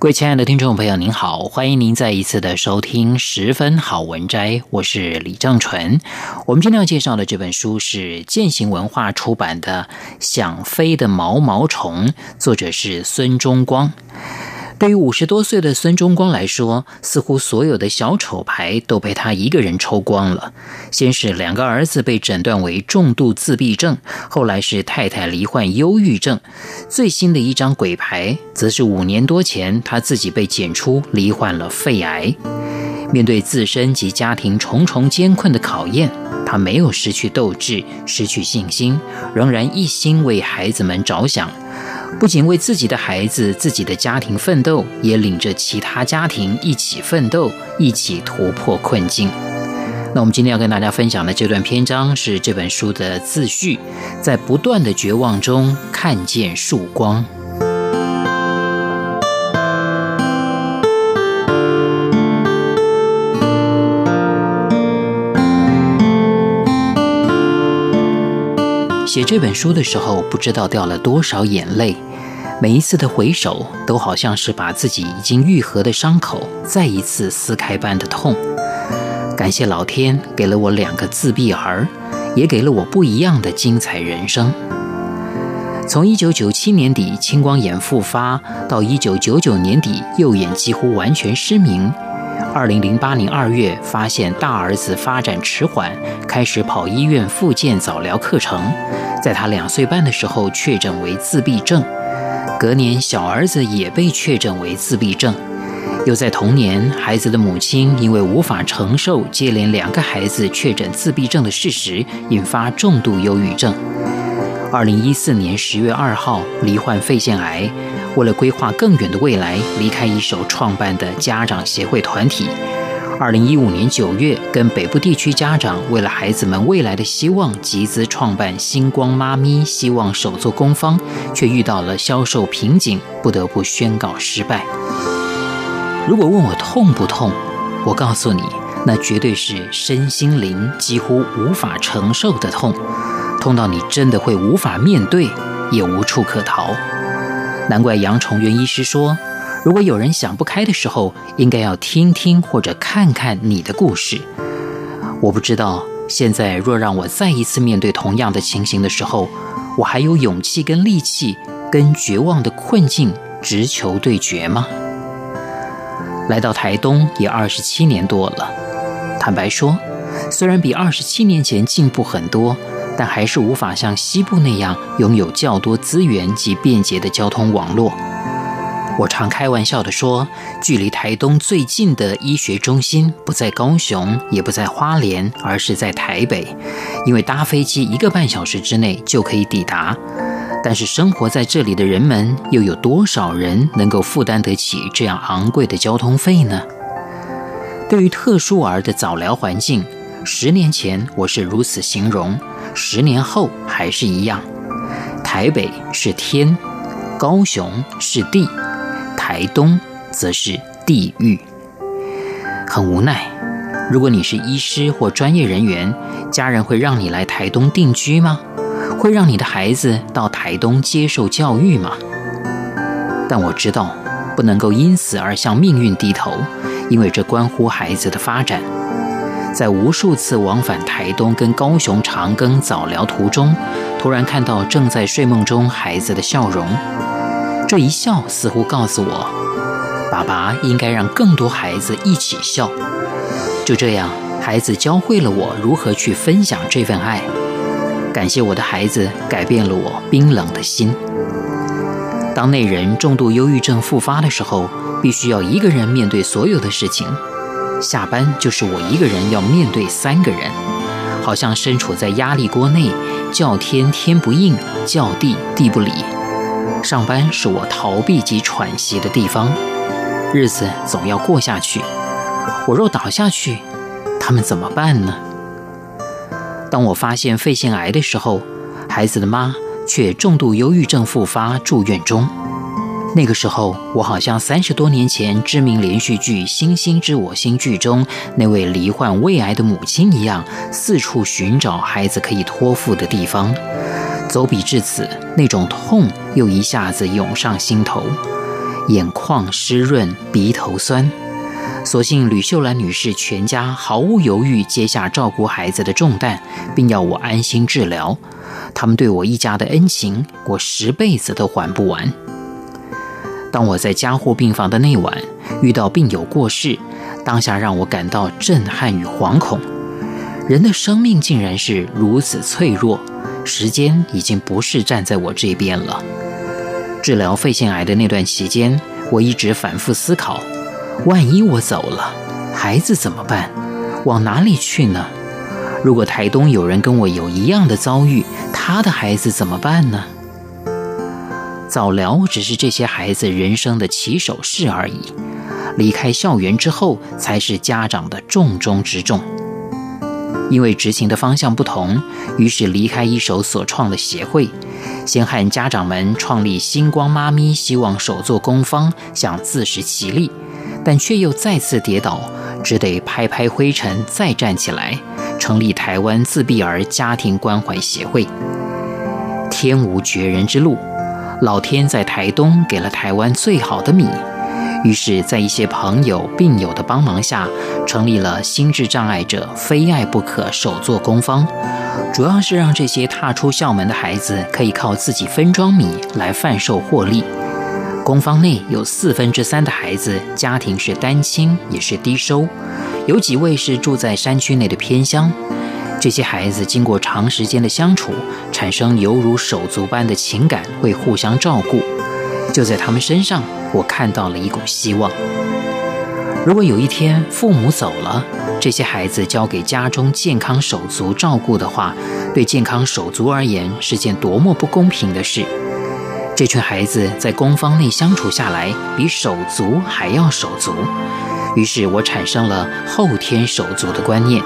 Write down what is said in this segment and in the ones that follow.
各位親愛的聽眾朋友，您好，歡迎您再一次的收聽十分好文摘，我是李正淳。我們今天要介紹的這本書是健行文化出版的《想飛的毛毛蟲》，作者是孫中光。對於五十多歲的孫中光來說，似乎所有的小丑牌都被他一個人抽光了。先是兩個兒子被診斷為重度自閉症，後來是太太罹患憂鬱症，最新的一張鬼牌，則是五年多前他自己被檢出罹患了肺癌。面對自身及家庭重重艱困的考驗，他沒有失去鬥志，失去信心，仍然一心為孩子們着想。不僅為自己的孩子、自己的家庭奮鬥，也領着其他家庭一起奮鬥，一起突破困境。那我們今天要跟大家分享的這段篇章是這本書的自序，在不斷的絕望中看見曙光。寫這本書的時候，不知道掉了多少眼淚，每一次的回首，都好像是把自己已經癒合的傷口再一次撕開般的痛。感謝老天給了我兩個自閉兒，也給了我不一樣的精彩人生。從1997年底青光眼復發，到1999年底右眼幾乎完全失明。二零零八年二月，發現大兒子發展遲緩，開始跑醫院復健、早療課程。在他兩歲半的時候確診為自閉症，隔年小兒子也被確診為自閉症。又在同年，孩子的母親因為無法承受接連兩個孩子確診自閉症的事實，引發重度憂鬱症。二零一四年十月二號，罹患肺腺癌。為了規劃更遠的未來，離開一手創辦的家長協會團體。二零一五年九月，跟北部地區家長為了孩子們未來的希望，集資創辦“星光媽咪希望手作工坊”，卻遇到了銷售瓶頸，不得不宣告失敗。如果問我痛不痛，我告訴你，那絕對是身心靈幾乎無法承受的痛，痛到你真的會無法面對，也無處可逃。難怪楊崇元醫師說，如果有人想不開的時候，應該要聽聽或者看看你的故事。我不知道現在若讓我再一次面對同樣的情形的時候，我還有勇氣跟力氣跟絕望的困境直球對決嗎？來到台東也二十七年多了，坦白說，雖然比二十七年前進步很多。但還是無法像西部那樣擁有較多資源及便捷的交通網絡。我常開玩笑地說，距離台東最近的醫學中心不在高雄，也不在花蓮，而是在台北。因為搭飛機一個半小時之內就可以抵達。但是生活在這裡的人們，又有多少人能夠負擔得起這樣昂貴的交通費呢？對於特殊兒的早療環境，十年前我是如此形容。十年後還是一樣，台北是天，高雄是地，台東則是地獄。很無奈，如果你是醫師或專業人員，家人會讓你來台東定居嗎？會讓你的孩子到台東接受教育嗎？但我知道，不能夠因此而向命運低頭，因為這關乎孩子的發展。在無數次往返台東跟高雄長庚早療途中，突然看到正在睡夢中孩子的笑容，這一笑似乎告訴我，爸爸應該讓更多孩子一起笑。就這樣，孩子教會了我如何去分享這份愛。感謝我的孩子，改變了我冰冷的心。當內人重度憂鬱症復發的時候，必須要一個人面對所有的事情。下班就是我一個人要面對三個人，好像身處在壓力鍋內，叫天天不應，叫地地不理。上班是我逃避及喘息的地方，日子總要過下去。我若倒下去，他們怎麼辦呢？當我發現肺腺癌的時候，孩子的媽卻重度憂鬱症復發住院中。那個時候，我好像三十多年前知名連續劇《星星知我心》劇中那位罹患胃癌的母親一樣，四處尋找孩子可以托付的地方。走筆至此，那種痛又一下子湧上心頭，眼眶濕潤，鼻頭酸。所幸呂秀蘭女士全家毫無猶豫接下照顧孩子的重擔，並要我安心治療。他們對我一家的恩情，我十輩子都還不完。當我在加護病房的那晚遇到病友過世，當下讓我感到震撼與惶恐。人的生命竟然是如此脆弱，時間已經不是站在我這邊了。治療肺腺癌的那段期間，我一直反複思考：萬一我走了，孩子怎麼辦？往哪裡去呢？如果台東有人跟我有一樣的遭遇，他的孩子怎麼辦呢？早療只是這些孩子人生的起手式而已，離開校園之後才是家長的重中之重。因為執行的方向不同，於是離開一手所創的協會，先和家長們創立“星光媽咪希望手作工坊”，想自食其力，但卻又再次跌倒，只得拍拍灰塵再站起來，成立台灣自閉兒家庭關懷協會。天無絕人之路。老天在台東給了台灣最好的米，於是，在一些朋友、病友的幫忙下，成立了心智障礙者非愛不可手作工坊，主要是讓這些踏出校門的孩子可以靠自己分裝米來販售獲利。工坊內有四分之三的孩子家庭是單親，也是低收，有幾位是住在山區內的偏鄉。這些孩子經過長時間的相處，產生猶如手足般的情感，會互相照顧。就在他們身上，我看到了一股希望。如果有一天父母走了，這些孩子交給家中健康手足照顧的話，對健康手足而言是件多麼不公平的事。這群孩子在工坊內相處下來，比手足還要手足。於是我產生了後天手足的觀念。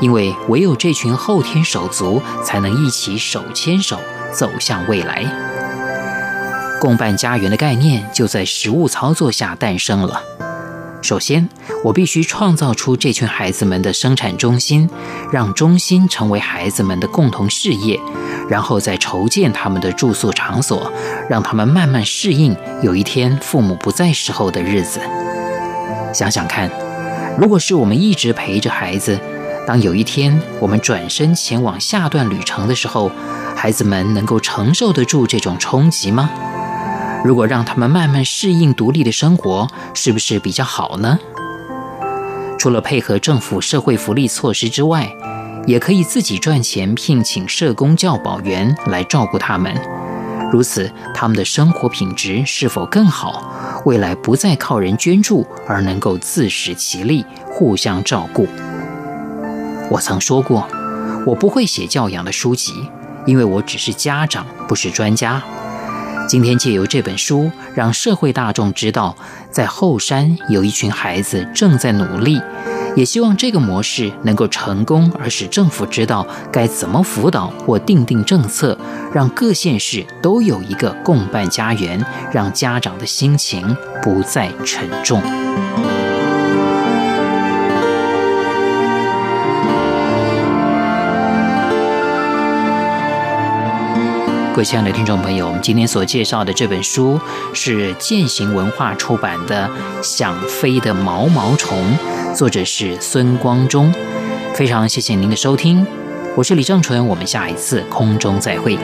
因為唯有這群後天手足才能一起手牽手走向未來，共辦家園的概念就在實務操作下誕生了。首先，我必須創造出這群孩子們的生產中心，讓中心成為孩子們的共同事業，然後再籌建他們的住宿場所，讓他們慢慢適應有一天父母不在時候的日子。想想看，如果是我們一直陪着孩子。當有一天我們轉身前往下段旅程的時候，孩子們能夠承受得住這種衝擊嗎？如果讓他們慢慢適應獨立的生活，是不是比較好呢？除了配合政府社會福利措施之外，也可以自己賺錢聘請社工、教保員來照顧他們。如此，他們的生活品質是否更好？未來不再靠人捐助，而能夠自食其力，互相照顧。我曾說過，我不會寫教養的書籍，因為我只是家長，不是專家。今天借由這本書，讓社會大眾知道，在後山有一群孩子正在努力，也希望這個模式能夠成功，而使政府知道該怎麼輔導或訂定政策，讓各縣市都有一個共辦家園，讓家長的心情不再沉重。各位親愛的聽眾朋友，我們今天所介紹的這本書是健行文化出版的《想飛的毛毛蟲》，作者是孫中光。非常謝謝您的收聽，我是李正純，我們下一次空中再會。